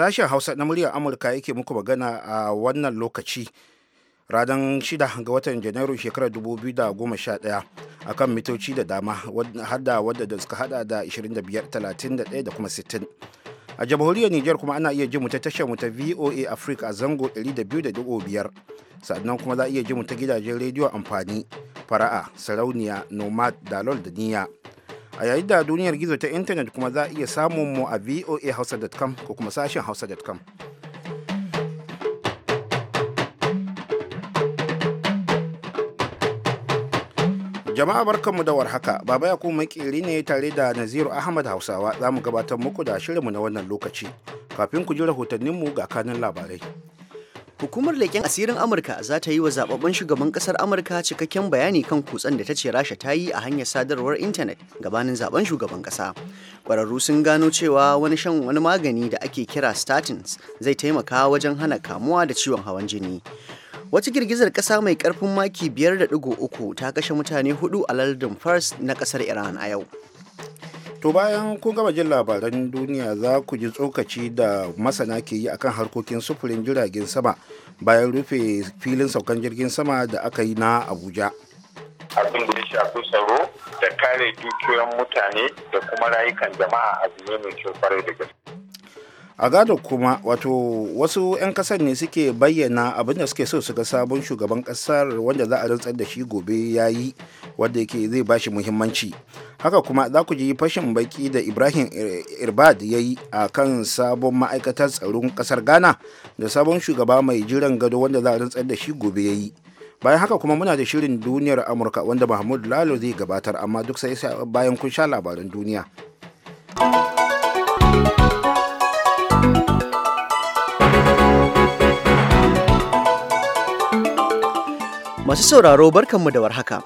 Sashen Hausa na muryar Amurka yake muku magana a wannan lokaci radan shida ga watan Janairu shekarar 2011 akan mitoci da dama har da wadda suka hada da 25, 31 da kuma 60. a jamhuriyar niger kuma ana iya jin mu ta tashar mu ta VOA Africa a zango 200.5 sannan kuma za a iya jin mu ta gidajen rediyo amfani fara'a sarauniya nomad dalol da niya a yayin da duniyar gizo ta intanet kuma za a iya samun mu a voahausa.com ko kuma sashen hausa.com jama'a barkan mu da warhaka baba ya kuma makeri ne tare da naziru ahmad hausawa za mu gabatar muku da shirinmu na wannan lokaci kafin ku ji rahotanninmu ga kanin labarai Hukumar leken asirin Amurka za ta yi wa zababben shugaban kasar Amurka cikakken bayani kan kutsen da ta ce Rasha ta yi a hanyar sadarwar intanet gabanin zaben shugaban kasa kwararru sun gano cewa wani shan wani magani da ake kira statins zai taimaka wajen hana kamuwa da ciwon hawan jini. Wata girgizar kasa mai karfin maki 5.3 ta kashe mutane hudu a lardin Fars na kasar Iran a yau. to bayan kun gama jin labaran duniya za ku ji tsokaci da masana ke yi akan harkokin sufurin jiragen sama bayan rufe filin saukan jirgin sama da aka yi na abuja abin da ya shafi tsaro da kare dukiyoyin mutane da kuma rayukan jama'a abu ne mai kyau kwarai da gaske a gado kuma wato wasu 'yan kasar ne suke bayyana abin da suke so su ga sabon shugaban kasar wanda za a rantsar da shi gobe ya yi wanda yake zai ba shi muhimmanci haka kuma za ku ji fashin baki da ibrahim irbad ya yi a kan sabon ma'aikatar tsaron kasar ghana da sabon shugaba mai jiran gado wanda za a rantsar da shi gobe ya yi bayan haka kuma muna da shirin duniyar amurka wanda mahmud lalo zai gabatar amma duk sai bayan kun sha labaran duniya Masu sauraro barkanmu da warhaka.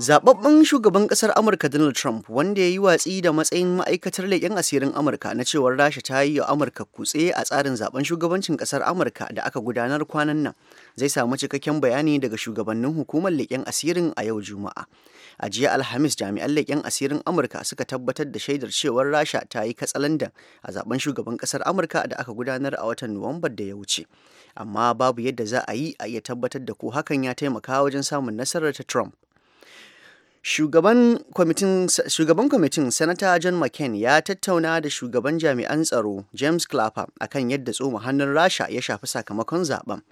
zaɓaɓɓen shugaban ƙasar Amurka Donald Trump wanda ya yi watsi da matsayin ma'aikatar leƙen asirin Amurka na cewar Rasha ta yi wa Amurka kutse a tsarin zaben shugabancin ƙasar Amurka da aka gudanar kwanan nan zai samu cikakken bayani daga shugabannin hukumar leƙen asirin a yau Juma'a. A jiya Alhamis jami'an leƙen asirin Amurka suka tabbatar da shaidar cewar Rasha ta yi katsalandan a zaben shugaban ƙasar Amurka da aka gudanar a watan Nuwambar da ya wuce. amma babu yadda za a yi a iya tabbatar da ko hakan ya taimaka wajen samun nasarar ta Trump. Shugaban kwamitin Sanata John McCain ya tattauna da shugaban jami'an tsaro James Clapper akan yadda tsoma hannun Rasha ya shafi sakamakon zaben.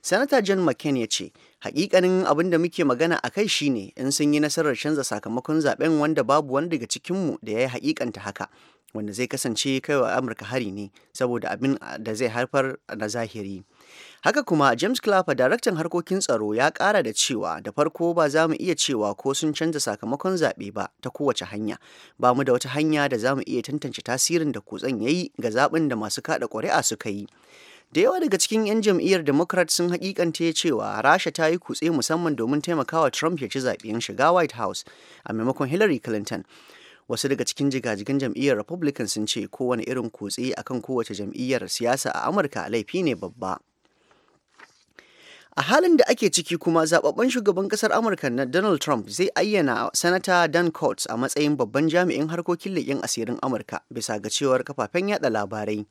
Sanata John McCain ya ce, hakikanin abin da muke magana a kai shine in sun yi nasarar canza sakamakon zaben wanda babu wani daga cikinmu da ya yi hakikanta haka. wanda zai kasance kaiwa amurka hari ne saboda abin da zai haifar na zahiri Haka kuma James Clapper daraktan harkokin tsaro ya kara da cewa da farko ba za mu iya cewa ko sun canza sakamakon zaɓe ba ta kowace hanya. Ba mu da wata hanya da za mu iya tantance tasirin da kutsen ya yi ga zaɓin da masu kaɗa ƙuri'a suka yi. da yawa daga cikin 'yan jam'iyyar democrat sun hakikance cewa rasha ta yi kutse musamman domin taimakawa trump ya ci zaɓen shiga white house a maimakon hillary clinton wasu daga cikin jigajigan jam'iyyar republican sun ce kowane irin kutse akan kowace jam'iyyar siyasa a amurka laifi ne babba a halin da ake ciki kuma zababben shugaban kasar amurka na donald trump zai ayyana sanata dan coats a matsayin babban jami'in harkokin leƙen asirin amurka bisa ga cewar kafafen yada labarai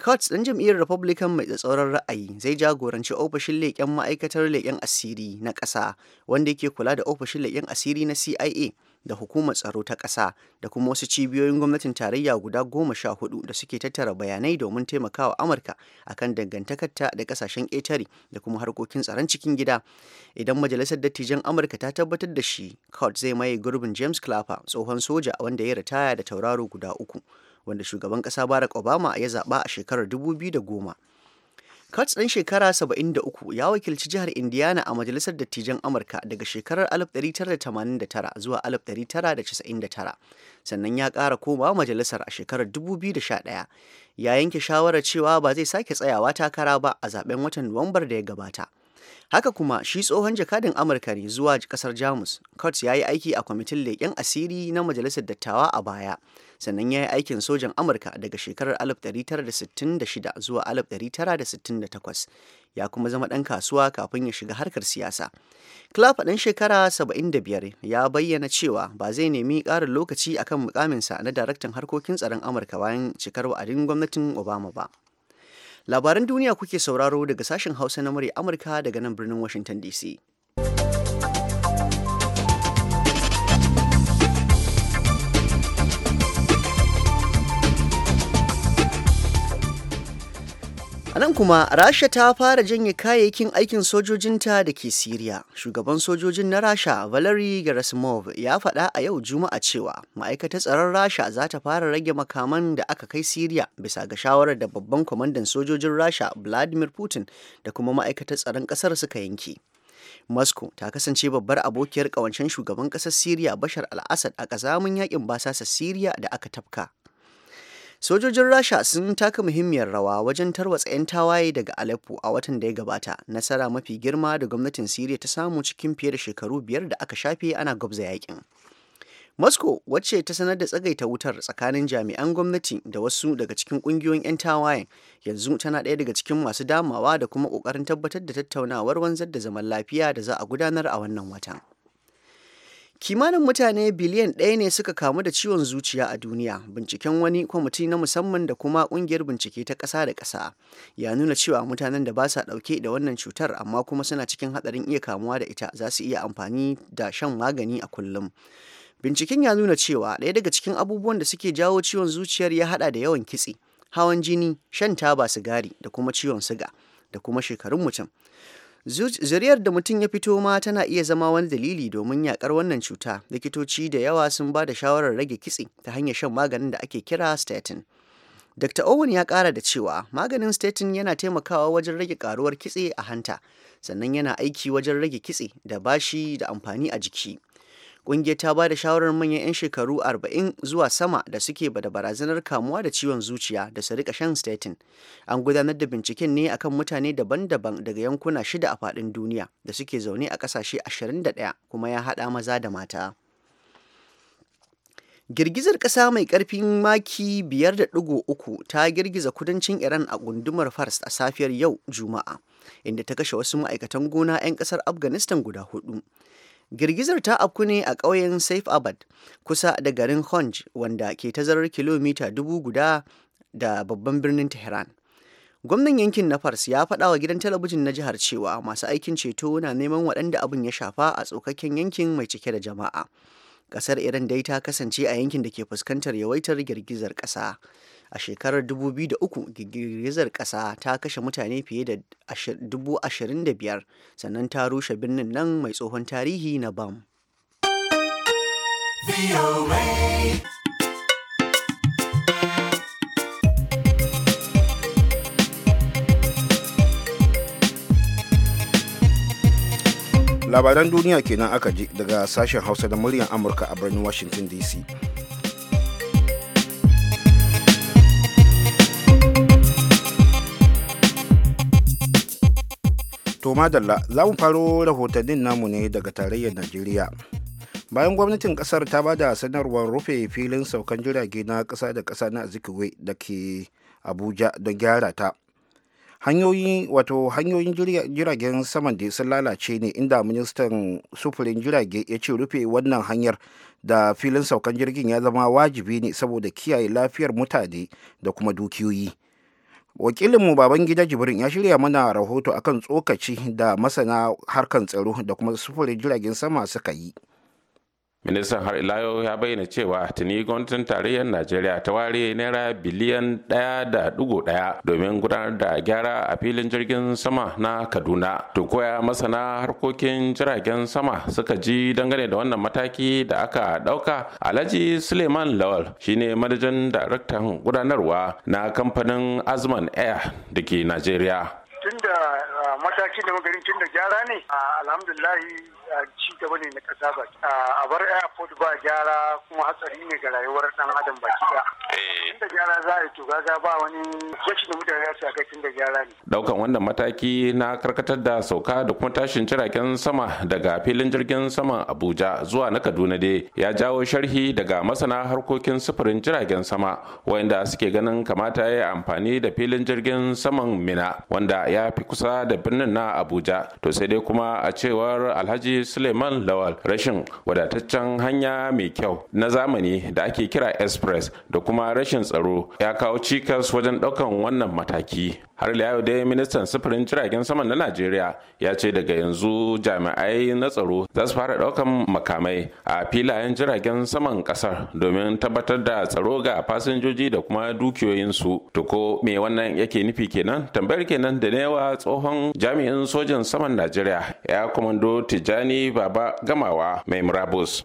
coats dan jam'iyyar republican mai tsatsauran ra'ayi zai jagoranci ofishin leƙen ma'aikatar leƙen asiri na ƙasa wanda yake kula da ofishin leƙen asiri na cia da hukumar tsaro ta ƙasa da kuma wasu cibiyoyin gwamnatin tarayya guda goma sha hudu da suke tattara bayanai domin taimakawa amurka a kan dangantakarta da ƙasashen ƙetare da kuma harkokin tsaron cikin gida idan majalisar dattijan amurka ta tabbatar da shi court zai maye gurbin james clapper tsohon soja wanda ya ritaya da tauraro guda uku wanda shugaban ƙasa barack obama ya zaɓa a shekarar dubu biyu da goma. Kurtz ɗan shekara 73 ya wakilci jihar Indiana a Majalisar Dattijan Amurka daga shekarar 1989 zuwa 1999, sannan ya ƙara koma majalisar a shekarar 2011. Ya yanke shawarar cewa ba zai sake tsayawa takara ba a zaben watan Nuwambar da ya gabata. haka kuma shi tsohon jakadin amurka ne zuwa kasar jamus kurtz ya yi aiki a kwamitin leƙen asiri na majalisar dattawa a baya sannan ya yi aikin sojan amurka daga shekarar 1966 zuwa 1968 ya kuma zama ɗan kasuwa kafin ya shiga harkar siyasa clark ɗan shekara 75 ya bayyana cewa ba zai nemi ƙarin lokaci akan mukaminsa na daraktan harkokin tsaron amurka bayan cikar wa'adin gwamnatin obama ba Labaran duniya kuke sauraro daga sashen Hausa na murya Amurka daga nan birnin Washington DC. A nan kuma Rasha ta fara janye kayayyakin aikin sojojinta da ke Siriya. Shugaban sojojin na Rasha Valery Gerasimov ya faɗa a yau Juma'a cewa ma'aikatar tsaron Rasha za ta fara rage makaman da aka kai Siriya bisa ga shawarar da babban kwamandan sojojin Rasha Vladimir Putin da kuma ma'aikatar tsaron ƙasar suka yanke. Moscow ta kasance babbar abokiyar ƙawancen shugaban ƙasar Siriya Bashar al-Assad a ƙazamin yakin basasa Siriya da aka tafka Sojojin Rasha sun taka muhimmiyar rawa wajen tarwatsa 'yan tawaye daga Aleppo a watan da ya gabata, nasara mafi girma da gwamnatin Siriya ta samu cikin fiye da shekaru biyar da aka shafe ana gwabza yakin. Moscow wacce ta sanar da tsagaita wutar tsakanin jami'an gwamnati da wasu daga cikin kungiyoyin 'yan tawayen yanzu tana ɗaya daga cikin masu damawa da kuma ƙoƙarin tabbatar da tattaunawar wanzar da zaman lafiya da za a gudanar a wannan watan. kimanin mutane biliyan ɗaya ne suka kamu da ciwon zuciya a duniya binciken wani kwamiti na musamman da kuma ƙungiyar bincike ta ƙasa da ƙasa ya nuna cewa mutanen da ba sa ɗauke da wannan cutar amma kuma suna cikin hatsarin iya kamuwa da ita za su iya amfani da shan magani a kullum binciken ya nuna cewa ɗaya daga cikin abubuwan da suke jawo ciwon zuciyar ya haɗa da yawan kitse hawan jini shan taba sigari da kuma ciwon siga da kuma shekarun mutum zuriyar da mutum ya fito ma tana iya zama wani dalili domin yakar wannan cuta likitoci da yawa sun ba da shawarar rage kitse ta hanyar shan maganin da ake kira statin dr owen ya kara da cewa maganin statin yana taimakawa wajen rage karuwar kitse a hanta sannan yana aiki wajen rage kitse da bashi da amfani a jiki Ƙungiyar ta ba da shawarar manyan 'yan shekaru 40 zuwa sama da suke bada barazanar kamuwa da ciwon zuciya da su rika shan statin. An gudanar da binciken ne akan mutane daban-daban daga yankuna shida a faɗin duniya da suke zaune a ƙasashe 21 kuma ya haɗa maza da mata. Girgizar ƙasa mai ƙarfin maki 5.3 ta girgiza kudancin Iran a gundumar Fars a safiyar yau Juma'a, inda ta kashe wasu ma'aikatan gona 'yan ƙasar Afghanistan guda hudu. Girgizar ta afku ne a ƙauyen Saif Abad kusa da garin Honj wanda ke tazarar kilomita dubu guda da babban birnin Tehran. Gwamnan yankin na Fars ya faɗa wa gidan talabijin na jihar cewa masu aikin ceto na neman waɗanda abin ya shafa a tsokakken yankin mai cike da jama'a. Ƙasar Iran dai ta kasance a yankin da ke fuskantar yawaitar girgizar ƙasa. a shekarar 2003 girgizar ƙasa ta kashe mutane fiye da 25,000 sannan ta rushe birnin nan mai tsohon tarihi na bam labaran duniya kenan aka ji daga sashen hausa da muryar amurka a birnin washington dc To madalla za mu faro rahotannin namu ne daga tarayyar Najeriya. Bayan gwamnatin kasar ta ba da sanarwar rufe filin saukan jirage na kasa da kasa na Azikiwe da ke Abuja don gyara ta. Hanyoyi wato hanyoyin jiragen saman da sun lalace ne inda ministan sufurin jirage ya ce rufe wannan hanyar da filin saukan jirgin ya zama wajibi ne saboda kiyaye lafiyar mutane da kuma dukiyoyi. wakilinmu baban gida jibrin ya shirya mana rahoto akan tsokaci da masana harkar tsaro da kuma sufurin jiragen sama suka yi ministan har ilayo ya bayyana cewa tuni gwamnatin tarayyar najeriya ta ware naira biliyan ɗaya da dugu ɗaya domin gudanar da gyara a filin jirgin sama na kaduna to koya masana harkokin jiragen sama suka ji dangane da wannan mataki da aka ɗauka alhaji suleiman lawal shine manajan daraktan gudanarwa na kamfanin azman air da ke najeriya mataki da magarin da gyara ne alhamdulillahi ci gaba ne na kasa ba a bar airport ba gyara kuma hatsari ne ga rayuwar dan adam baki eh. tun da gyara za a yi to ba wani gashi da mutane su ga tun da gyara ne daukan wannan mataki na karkatar da sauka da kuma tashin jiragen sama daga filin jirgin saman Abuja zuwa na Kaduna dai ya jawo sharhi daga masana harkokin sufurin jiragen sama wanda suke ganin kamata ya amfani da filin jirgin saman Mina wanda ya fi kusa da birnin na na abuja to sai dai kuma a cewar alhaji suleiman lawal rashin wadataccen hanya mai kyau na zamani da ake kira express da kuma rashin tsaro ya kawo cikas wajen ɗaukan wannan mataki har yau dai ministan sufurin jiragen saman na najeriya ya ce daga yanzu jami'ai na tsaro za su fara ɗaukan makamai a filayen jiragen saman kasar domin tabbatar da tsaro ga fasinjoji da kuma dukiyoyinsu to ko me wannan yake nufi kenan tambayar kenan da yawa tsohon jami' jami'in sojan saman najeriya ya komando tijjani baba gamawa mai murabus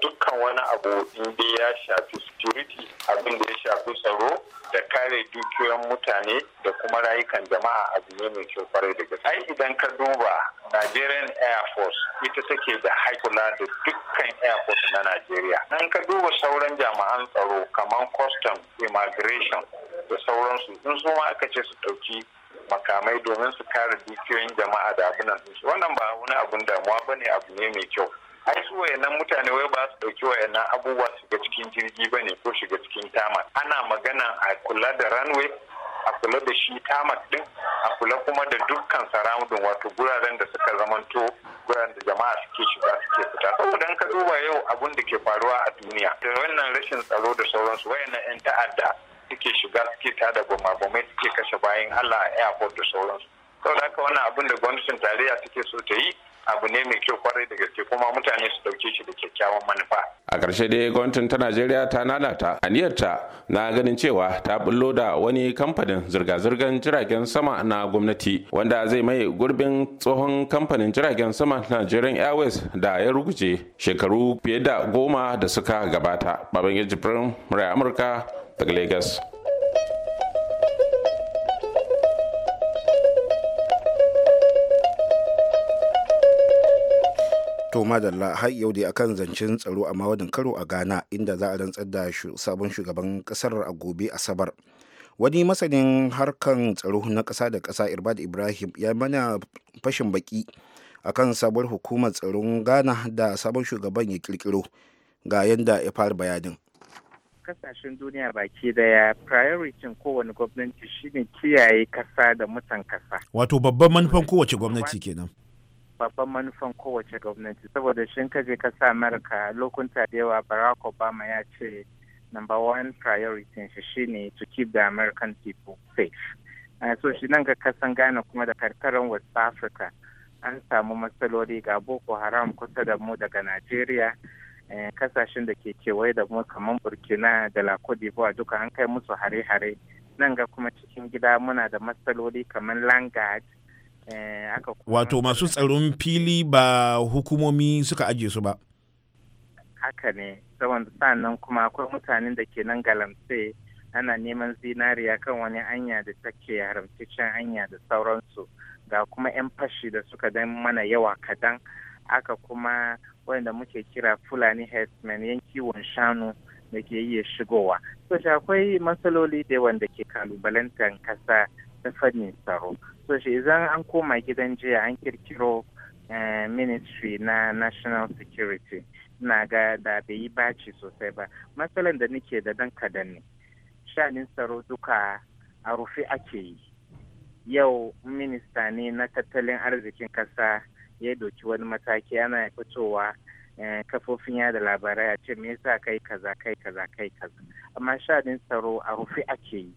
dukkan wani abu inda ya shafi security abin da ya shafi tsaro da kare dukiyoyin mutane da kuma rayukan jama'a a ne mai kyau kwarai da gaske. Ai idan ka duba Nigerian Air Force ita take da haikula da dukkan Air Force na Najeriya. Nan ka duba sauran jami'an tsaro kamar custom, immigration da sauransu in su ma aka ce su ɗauki makamai domin su kare dukiyoyin jama'a da abin nan wannan ba wani abun damuwa ba ne abu ne mai kyau ai su wayannan mutane wai ba su dauki wayannan abubuwa shiga cikin jirgi ba ne ko shiga cikin tama ana magana a kula da runway a kula da shi tama din a kula kuma da dukkan saramudin wato guraren da suka zamanto guraren da jama'a suke shiga suke fita saboda ka duba yau abun da ke faruwa a duniya da wannan rashin tsaro da sauransu wayannan 'yan ta'adda suke shiga suke tada goma bamai suke kashe bayan allah a airport da sauransu da haka wannan abin da gwamnatin tarayya suke so ta yi abu ne mai kyau kwarai da gaske kuma mutane su dauke shi da kyakkyawan manufa. A ƙarshe dai gwamnatin ta Najeriya ta nanata aniyarta na ganin cewa ta bullo da wani kamfanin zirga-zirgar jiragen sama na gwamnati wanda zai mai gurbin tsohon kamfanin jiragen sama Nigerian Airways da ya ruguje shekaru fiye da goma da suka gabata. Baban Jibrin Murai Amurka daga to madalla har yau dai akan zancen tsaro a mawadin karo a ghana inda za a rantsar da sabon shugaban kasar a gobe asabar wani masanin harkan tsaro na kasa da ƙasa irbad ibrahim ya mana fashin baki akan sabuwar hukumar tsaron ghana da sabon shugaban ya kirkiro ga yadda ya fara bayanin kasashen duniya baki daya priority kowane gwamnati shine kiyaye kasa da mutan kasa. Wato babban manufan kowace gwamnati kenan. Babban manufan kowace gwamnati saboda shin kaje kasa Amerika lokunta da yawa Barack Obama ya ce number one priority shi shine to keep the American people safe. Uh, so shi nan ga kasan gane kuma da karkarar West Africa an samu matsaloli ga Boko Haram kusa da mu daga nigeria. Eh, kasashen da ke kewaye da kuma kamar burkina da la cote d'ivoire duka an kai musu hare-hare nan ga kuma cikin gida muna da matsaloli kamar langard eh, wato masu tsaron fili ba hukumomi suka aje su ba haka ne saboda sannan kuma akwai mutanen da ke nan galamse ana neman zinariya kan wani anya da take haramtaccen hanya da sauransu ga kuma 'yan fashi da suka dan mana yawa kadan aka kuma wanda muke kira fulani herdsmen yan kiwon shanu da ke iya shigowa so shi akwai matsaloli da wanda ke kalubalantar kasa ta fannin tsaro so shi idan an koma gidan jiya an kirkiro eh, ministry na national security na ga da bai yi baci sosai ba matsalan da nake da dan kadan ne shanin tsaro duka a rufe ake yi yau minista ne na tattalin arzikin kasa ya doki wani mataki ana fitowa eh, kafofin yada labarai a ce me yasa kai kaza kai kaza kai kaza amma sha'anin tsaro a rufe ake yi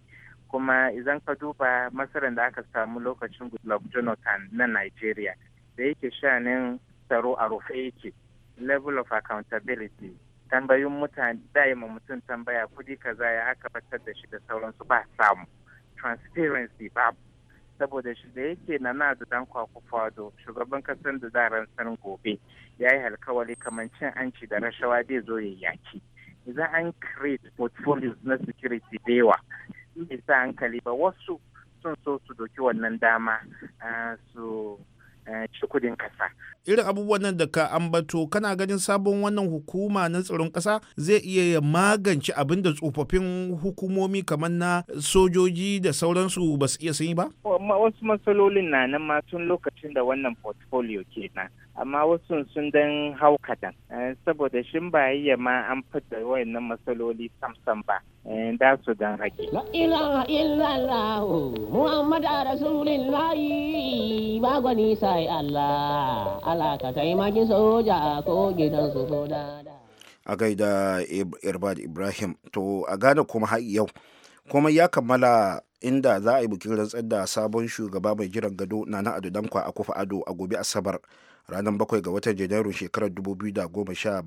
kuma idan ka duba masarar da aka samu lokacin goodluck jonathan na nigeria da yake shanin tsaro a rufe yake level of accountability tambayin mutane ma mutum tambaya kudi kaza ya aka batar da shi da sauransu ba samu transparency babu saboda shi da yake na na da dan fado shugaban kasan da zaran san gobe ya yi alkawari kamar cin hanci da rashawa zai zo ya yaki idan an create portfolios na security da yawa bai sa hankali ba wasu sun so su doki wannan dama ah, su Eh, kudin kasa. Irin abubuwan nan da ka ambato kana ganin sabon wannan hukuma na tsaron kasa zai iya magance abin da tsofaffin hukumomi kamar na sojoji da sauransu ba su iya sun yi ba? Wasu matsalolin na nan ma tun lokacin da wannan portfolio kenan. amma wasu sun dan hau kadan eh, saboda shin ba yayya ma an fita wayannan matsaloli samsam ba eh, da su dan rage la ilaha illallah muhammad rasulullah ba gwani sai allah alaka soja ko gidan su ko a gaida irbad ibrahim to a gada kuma har yau kuma ya kammala inda za a yi bikin rantsar da sabon shugaba mai jiran gado na na ado dankwa a kufa ado a gobe asabar ranar 7 ga watan janairun shekarar 2017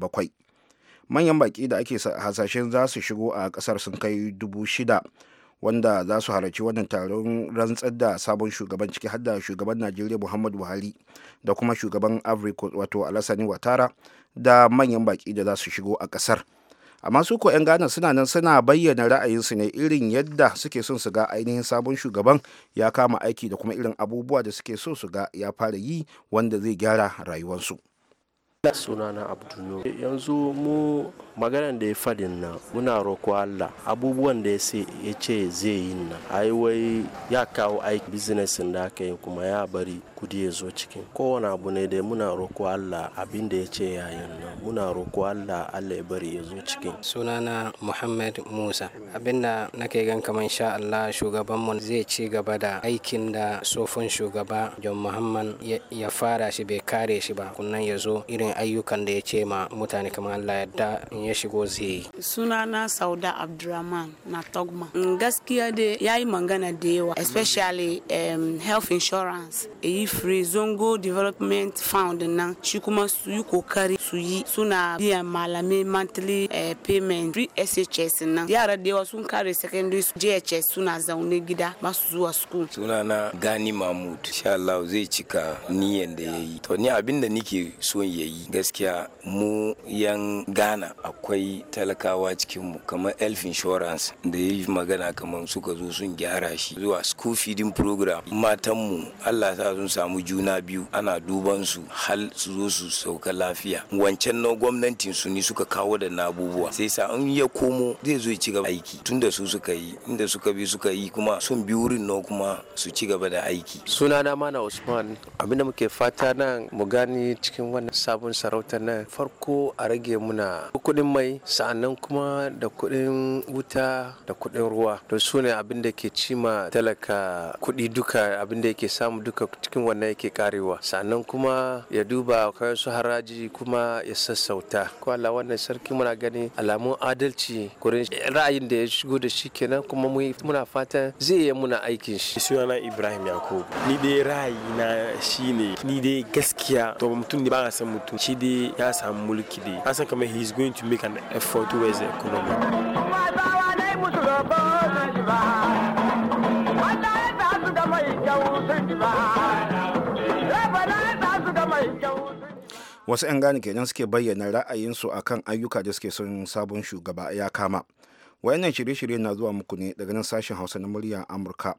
manyan baki da ake hasashen za su shigo a kasar sun kai 6,000 wanda za su halarci wannan taron rantsar da sabon shugaban ciki hadda shugaban najeriya muhammadu buhari da kuma shugaban africa wato alasani watara da manyan baki da za su shigo a kasar amma su ko 'yan ghana suna nan suna bayyana ra'ayinsu ne irin yadda suke son su ga ainihin sabon shugaban ya kama aiki da kuma irin abubuwa da suke so su ga ya fara yi wanda zai gyara rayuwarsu. sunana abdullu yanzu mu maganan da ya fadin nan muna roko allah abubuwan da ya ce zai yi nan ai wai ya kawo aiki biznesin da aka yi kuma ya bari kudi ya zo cikin kowane abu ne da muna roko allah abin da ya ce yayin nan muna roko allah allah ya bari ya zo cikin sunana muhammad musa abinda nake gan kamar sha allah shugaban shugabanmu zai ci gaba da aikin da tsofin shugaba john muhammad ya fara shi bai kare shi ba kunnan ya zo irin cikin ayyukan da ya ce ma mutane kamar Allah yadda in ya shigo zai yi. Sunana Sauda Abdurrahman na Togma. Mm, gaskiya da ya yi magana da yawa especially um, health insurance e yi free zongo development fund nan shi kuma su yi kokari su yi suna biyan malamai monthly uh, payment free SHS nan yara da yawa sun kare secondary JHS suna zaune gida ba su zuwa school. Sunana Gani Mahmud. Insha Allah zai cika niyan da ya yi. To ni abin da nike so ya yi gaskiya mu yan ghana akwai talakawa cikinmu kamar elf insurance da ya yi magana kamar suka zo sun gyara shi zuwa school feeding program matanmu allah ta sun samu juna biyu ana duban su hal su zo su sauka lafiya wancan na gwamnatin su ne suka kawo da na abubuwa sai sa in ya komo zai zo ci gaba aiki tun da su suka yi inda suka bi suka yi kuma sun bi wurin na kuma su ci gaba da aiki sunana mana usman abinda muke fata nan mu gani cikin wannan sabon abin sarautar na farko a rage muna kudin mai sa'annan kuma da kudin wuta da kuɗin ruwa to su ne abin da ke cima talaka kuɗi duka abin da yake samu duka cikin wannan yake karewa sa'annan kuma ya duba kayan su haraji kuma ya sassauta ko Allah wannan sarki muna gani alamun adalci gurin ra'ayin da ya shigo da shi kenan kuma muna fatan zai yi muna aikin shi sunana Ibrahim Yakubu ni dai ra'ayi na shine ni dai gaskiya to mutum ne ba san mutum shi dai ya samu mulki dai an san kamar he is going to make an effort towards the economy wasu 'yan gane kenan suke bayyana ra'ayinsu a kan ayyuka da suke son sabon shugaba ya kama wayannan shirye-shirye na zuwa muku ne daga nan sashen hausa na murya amurka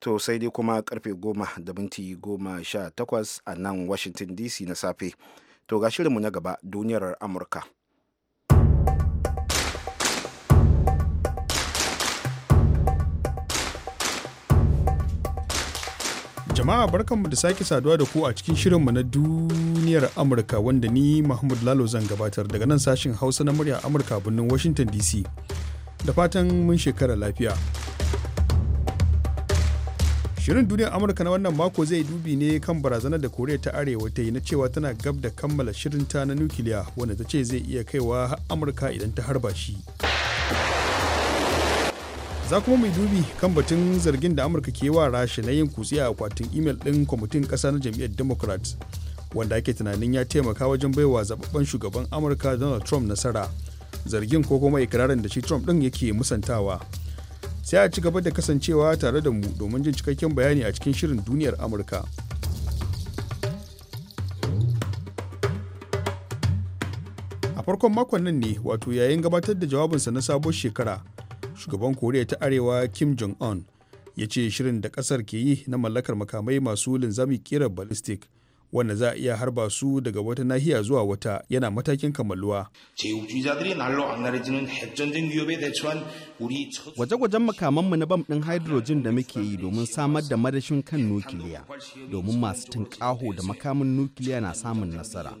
to sai dai kuma karfe goma da minti goma sha takwas a nan washington dc na safe to ga shirinmu na gaba duniyar amurka jama'a barkanmu da sake saduwa da ku a cikin shirinmu na duniyar amurka wanda ni mahmud lalo zan gabatar daga nan sashin hausa na murya amurka birnin washington dc da fatan mun shekara lafiya Shirin duniyar Amurka na wannan mako zai dubi ne kan barazanar da Koriya ta Arewa ta yi na cewa tana gab da kammala shirinta na nukiliya wanda ta ce zai iya kaiwa har Amurka idan ta harba shi. Za kuma mai dubi kan batun zargin da Amurka ke wa Rasha na yin kutsi a akwatin imel ɗin kwamitin ƙasa na jam'iyyar Democrats wanda ake tunanin ya taimaka wajen baiwa zababben shugaban Amurka Donald Trump nasara. Zargin ko kuma ikirarin da shi Trump ɗin yake musantawa. sai a ci gaba da kasancewa tare da mu domin jin cikakken bayani a cikin shirin duniyar amurka a farkon makon nan ne wato yayin gabatar da jawabinsa na sabon shekara shugaban koriya ta arewa kim jong-un ya ce shirin da kasar ke yi na mallakar makamai masu linzami kirar ballistic wanda za a iya harba su daga wata nahiya zuwa wata yana matakin kammaluwa. Gwaje-gwajen makamanmu na bam ɗin hydrogen da muke yi domin samar da madashin kan nukiliya domin masu tunƙaho da makamin nukiliya na samun nasara.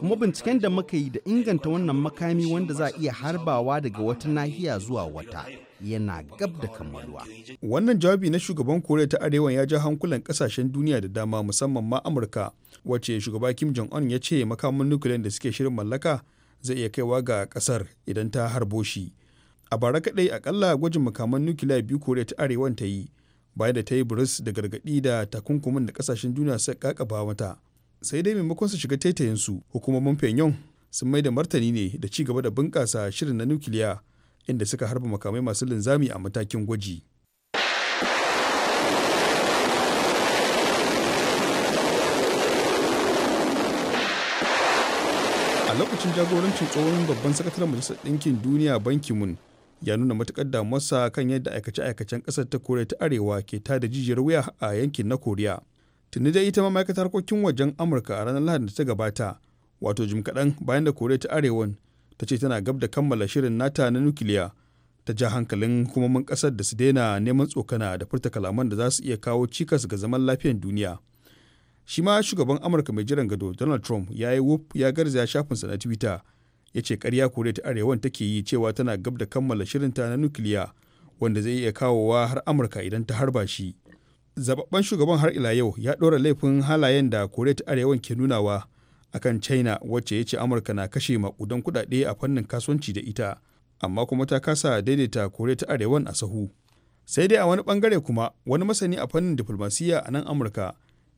Kuma binciken da muka yi da inganta wannan makami wanda za a iya harbawa daga wata nahiya zuwa wata. yana gab da kammaluwa. Wannan jawabi na shugaban Koriya ta Arewa ya ja hankulan kasashen duniya da dama musamman ma Amurka wacce shugaba Kim Jong-un ya ce makaman nukiliyar da suke shirin mallaka zai iya kaiwa ga kasar idan ta harbo shi. A bara kadai akalla gwajin makaman nukiliya biyu Koriya ta Arewa ta yi bayan da ta yi buris da gargadi da takunkumin da kasashen duniya suka kakaba mata. Sai dai maimakon su shiga taitayinsu hukumomin Pyongyang sun mai da martani ne da ci gaba da bunƙasa shirin na nukiliya inda suka harba makamai masu linzami a matakin gwaji a lokacin jagorancin tsohon babban sakataren majalisar ɗinkin duniya banki mun ya nuna matuƙar damuwarsa kan yadda aikace-aikacen ƙasar ta koriya ta arewa ke tada jijiyar wuya a yankin na koriya tuni dai ita ma ma'aikatar harkokin wajen amurka a ranar lahadi da ta gabata wato jim kaɗan bayan da koriya ta arewan ta ce tana gab da kammala shirin nata na nukiliya ta ja hankalin hukumomin kasar da su daina neman tsokana da furta kalaman da za su iya kawo cikas ga zaman lafiyar duniya shi ma shugaban amurka mai jiran gado donald trump ya yi wuf ya garza shafinsa na twitter ya ce karya koriya ta arewan take yi cewa tana gab da kammala ta na nukiliya wanda zai iya kawowa har amurka idan ta harba shi zababben shugaban har ila yau ya ɗora laifin halayen da koriya ta arewan ke nunawa akan china wacce ya ce amurka na kashe makudan kudade a fannin kasuwanci da ita amma kuma ta kasa daidaita kore ta arewan a sahu sai dai a wani bangare kuma wani masani a fannin diflomasiyya a nan amurka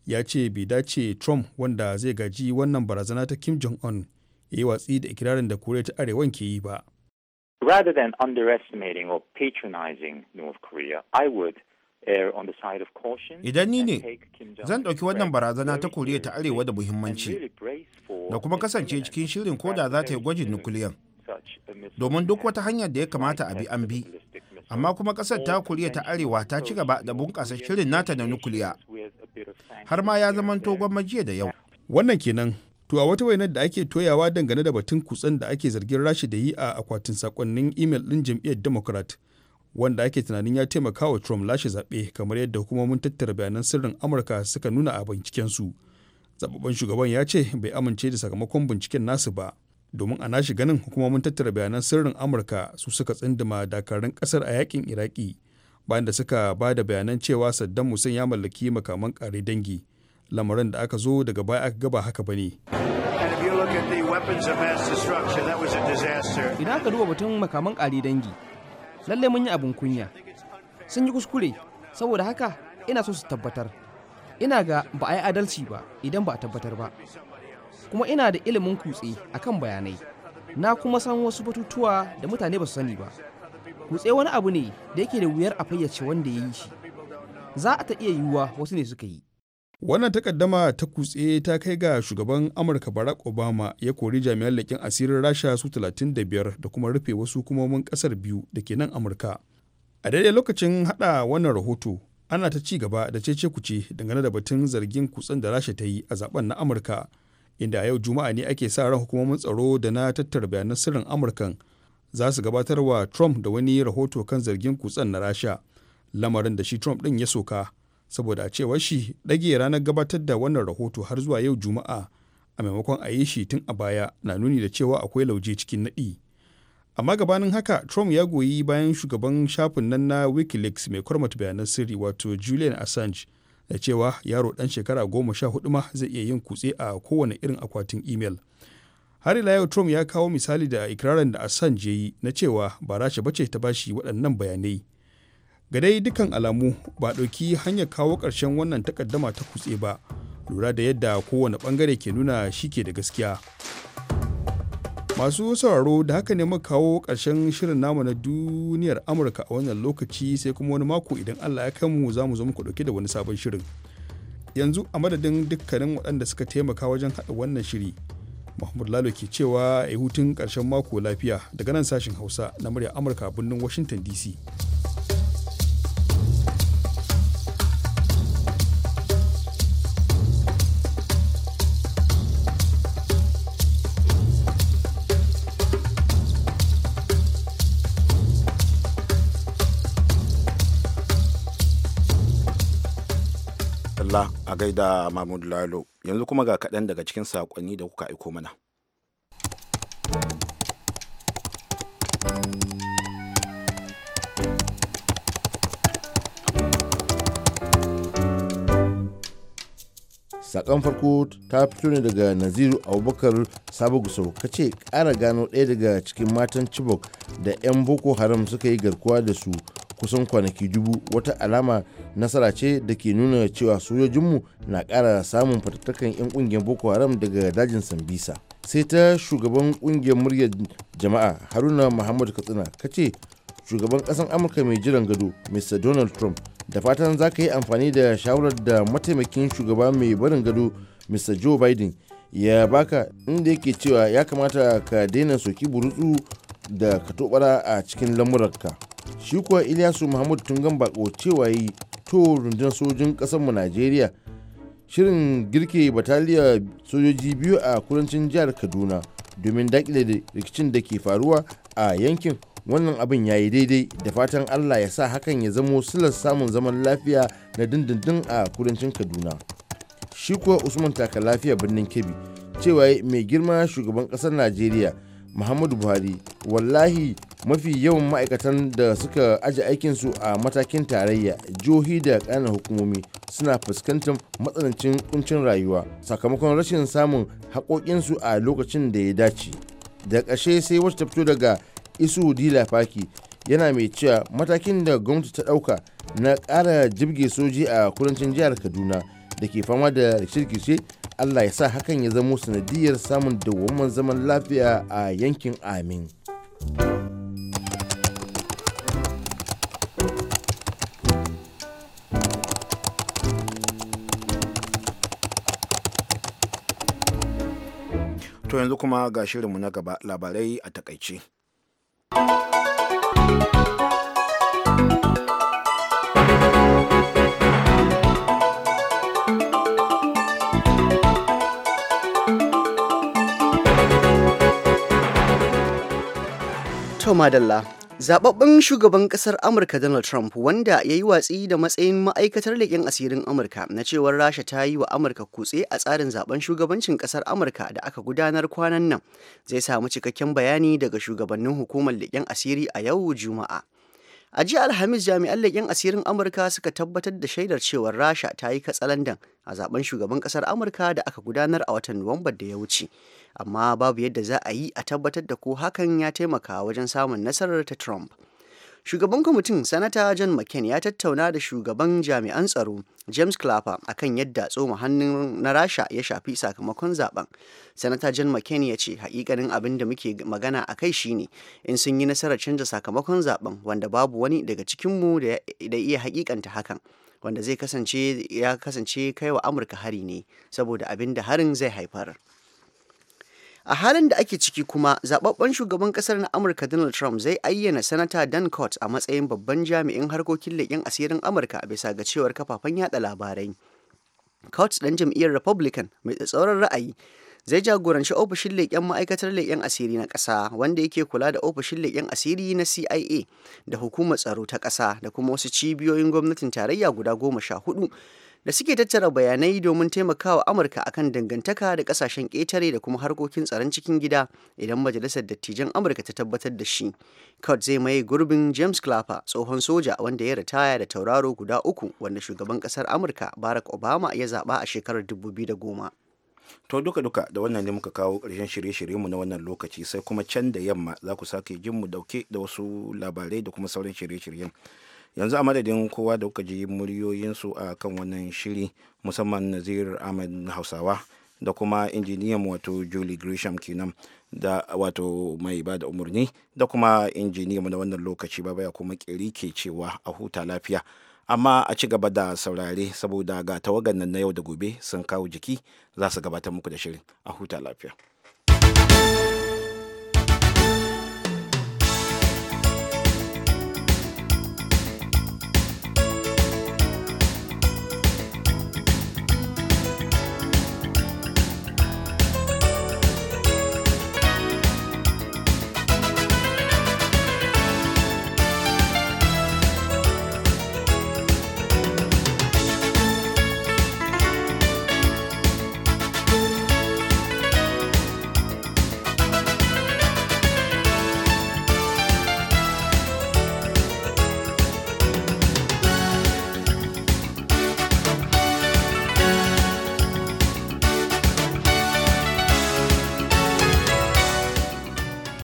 ya ce bai dace trump wanda zai gaji wannan barazana ta kim jong un ya yi watsi da ikirarin da kore ta arewan ke yi ba rather than underestimating or patronizing north korea i would Idan ni ne, zan ɗauki wannan barazana ta Koriya ta Arewa da muhimmanci, da kuma kasance cikin shirin koda za ta yi gwajin nukuliyan. Domin duk wata hanyar da ya kamata a bi an bi, amma kuma ƙasar ta Koriya ta Arewa ta ci gaba da bunƙasa shirin nata na nukuliya. Har ma ya zama zamanto jiya da yau. Wannan kenan To a wata wainar da ake toyawa dangane da batun kutsen da ake zargin rashi da yi a akwatin saƙonnin imel ɗin jam'iyyar Democrat, wanda ake tunanin ya taimaka wa Trump lashe zaɓe kamar yadda hukumomin tattara bayanan sirrin Amurka suka nuna a bincikensu. Zababban shugaban ya ce bai amince da sakamakon binciken nasu ba, domin a nashi ganin hukumomin tattara bayanan sirrin Amurka su suka tsinduma dakarun kasar a yakin Iraki bayan da suka ba da bayanan cewa Saddam Hussein ya mallaki makaman ƙare dangi, lamarin da aka zo daga baya aka gaba haka ba ne. Idan aka duba batun makaman ƙare dangi, lallai mun yi abin kunya sun yi kuskure saboda haka ina so su tabbatar ina ga ba a yi adalci ba idan ba a tabbatar ba kuma ina da ilimin kutse akan bayanai na kuma san wasu batutuwa da mutane ba su sani ba kutse wani abu ne da yake da wuyar a fayyace wanda ya yi shi za a ta iya yiwuwa wasu ne suka yi wannan takaddama ta kutse ta kai ga shugaban amurka barack obama ya kori jami'an laƙin asirin rasha su 35 da kuma rufe wasu hukumomin ƙasar biyu da ke nan amurka a daidai lokacin hada wannan rahoto ana ta ci gaba da cece kuce dangane da batun zargin kutsen da rasha ta yi a zaben na amurka inda a yau juma'a ne ake sa ran hukumomin tsaro da na tattara bayanan sirrin amurkan za su gabatar wa trump da wani rahoto kan zargin kutsen na rasha lamarin da shi trump ɗin ya soka saboda a cewar shi ɗage ranar gabatar da wannan rahoto har zuwa yau juma'a a maimakon a yi shi tun a baya na nuni da cewa akwai lauje cikin naɗi amma gabanin haka trump ya goyi bayan shugaban shafin nan na wikileaks mai kwarmata bayanan sirri wato julian assange da cewa yaro ɗan shekara goma sha hudu ma zai iya yin kutse a kowane irin akwatin imel har ila yau trump ya kawo misali da ikirarin da assange ya yi na cewa ba rasha bace ta bashi waɗannan bayanai ga dai dukkan alamu ba ɗauki hanyar kawo ƙarshen wannan takaddama ta kutse ba lura da yadda kowane ɓangare ke nuna shi ke da gaskiya masu sauraro da haka ne muka kawo ƙarshen shirin namu na duniyar amurka a wannan lokaci sai kuma wani mako idan allah ya kai mu za mu zo muku ɗauke da wani sabon shirin yanzu a madadin dukkanin waɗanda suka taimaka wajen haɗa wannan shiri Mahmud Lalo ke cewa a hutun karshen mako lafiya daga nan sashen Hausa na murya Amurka a birnin Washington DC. a gaida mahmud lalo yanzu kuma ga kaɗan daga cikin saƙonni da kuka aiko mana sakon farko ta fito ne daga naziru abubakar sabo gusau ka ce kara gano ɗaya daga cikin matan chibok da 'yan boko haram suka yi garkuwa da su kusan kwanaki dubu wata alama nasara ce da ke nuna cewa sojojinmu na kara samun fatattakan 'yan ƙungiyar boko haram daga dajin sambisa sai ta shugaban ƙungiyar muryar jama'a haruna muhammadu katsina ka ce shugaban ƙasar amurka mai jiran gado mr donald trump da fatan za ka yi amfani da shawarar da mataimakin shugaba mai barin gado mr joe biden ya baka inda yake cewa ya kamata ka daina soki burutsu da ka tobara a cikin lamurarka shi kuwa ilyasu mahmud tungan bako cewa yi to rundunar sojin kasarmu najeriya shirin girke bataliya sojoji biyu a kudancin jihar kaduna domin dakile rikicin da ke faruwa a yankin wannan abin ya yi daidai da fatan allah ya sa hakan ya zamo silar samun zaman lafiya na dindindin a kudancin kaduna shi kuwa usman taka lafiya birnin kebbi cewa mai girma shugaban kasar najeriya muhammadu buhari wallahi mafi yawan ma'aikatan da suka aji aikinsu a matakin tarayya jihohi da ƙananan hukumomi suna fuskantar matsanancin kuncin rayuwa sakamakon rashin samun haƙoƙinsu a lokacin da ya dace da ƙashe sai wacce ta fito daga isu dila faki yana mai cewa matakin da gwamnati ta ɗauka na ƙara jibge soji a kudancin jihar kaduna da ke fama da rikice-rikice allah ya sa hakan ya zamo sanadiyar samun dawwammamin zaman lafiya a yankin amin. to yanzu kuma ga shirinmu na gaba labarai a takaice to madalla Zababben shugaban kasar Amurka Donald Trump wanda ya yi watsi da matsayin ma'aikatar leƙen asirin Amurka na cewar Rasha ta yi wa Amurka kutse a tsarin zaben shugabancin kasar Amurka da aka gudanar kwanan nan zai samu cikakken bayani daga shugabannin hukumar leƙen asiri a yau Juma'a. A jiya Alhamis jami'an leƙen asirin Amurka suka tabbatar da shaidar cewar Rasha ta yi katsalandan a zaben shugaban kasar Amurka da aka gudanar a watan Nuwambar da ya wuce. amma babu yadda za a yi a tabbatar da ko hakan ya taimaka wajen samun nasarar ta Trump. Shugaban kwamitin Sanata John McCain ya tattauna da shugaban jami'an tsaro James Clapper akan yadda tsoma hannun na Rasha ya shafi sakamakon zaben. Sanata John McCain ya ce hakikanin abin da muke magana a kai shine in sun yi nasarar canza sakamakon zaben wanda babu wani daga cikinmu da iya hakikanta hakan. Wanda zai kasance ya kasance kaiwa Amurka hari ne saboda abin da harin zai haifar. a halin da ake ciki kuma zababben shugaban kasar na amurka donald trump zai ayyana sanata dan court a matsayin babban jami'in harkokin leƙen asirin amurka bisa ga cewar kafafen yada labarai court dan jam'iyyar republican mai tsatsauran ra'ayi zai jagoranci ofishin leƙen ma'aikatar leƙen asiri na ƙasa wanda yake kula da ofishin leƙen asiri na cia da hukumar tsaro ta ƙasa da kuma wasu cibiyoyin gwamnatin tarayya guda goma sha hudu da suke tattara bayanai domin taimakawa Amurka akan dangantaka da kasashen ƙetare da kuma harkokin tsaron cikin gida idan majalisar dattijan Amurka ta tabbatar da shi. Kurt zai maye gurbin James Clapper tsohon soja wanda ya ritaya da tauraro guda uku wanda shugaban kasar Amurka Barack Obama ya zaɓa a shekarar 2010. to duka duka da wannan ne muka kawo ƙarshen shirye-shiryenmu na wannan lokaci sai kuma can da yamma za ku sake jin mu dauke da wasu labarai da kuma sauran shirye-shiryen yanzu a madadin kowa da kuka ji muryoyinsu a kan wannan shiri musamman nazir ahmed hausawa da kuma injiniyan wato julie gresham kenan da wato mai bada da umarni da kuma injiniyan na wannan lokaci ba baya kuma kiri ke cewa a huta lafiya amma a ci gaba da saurare saboda ga tawagan nan na yau da gobe sun kawo jiki za su gabatar muku da shirin a huta lafiya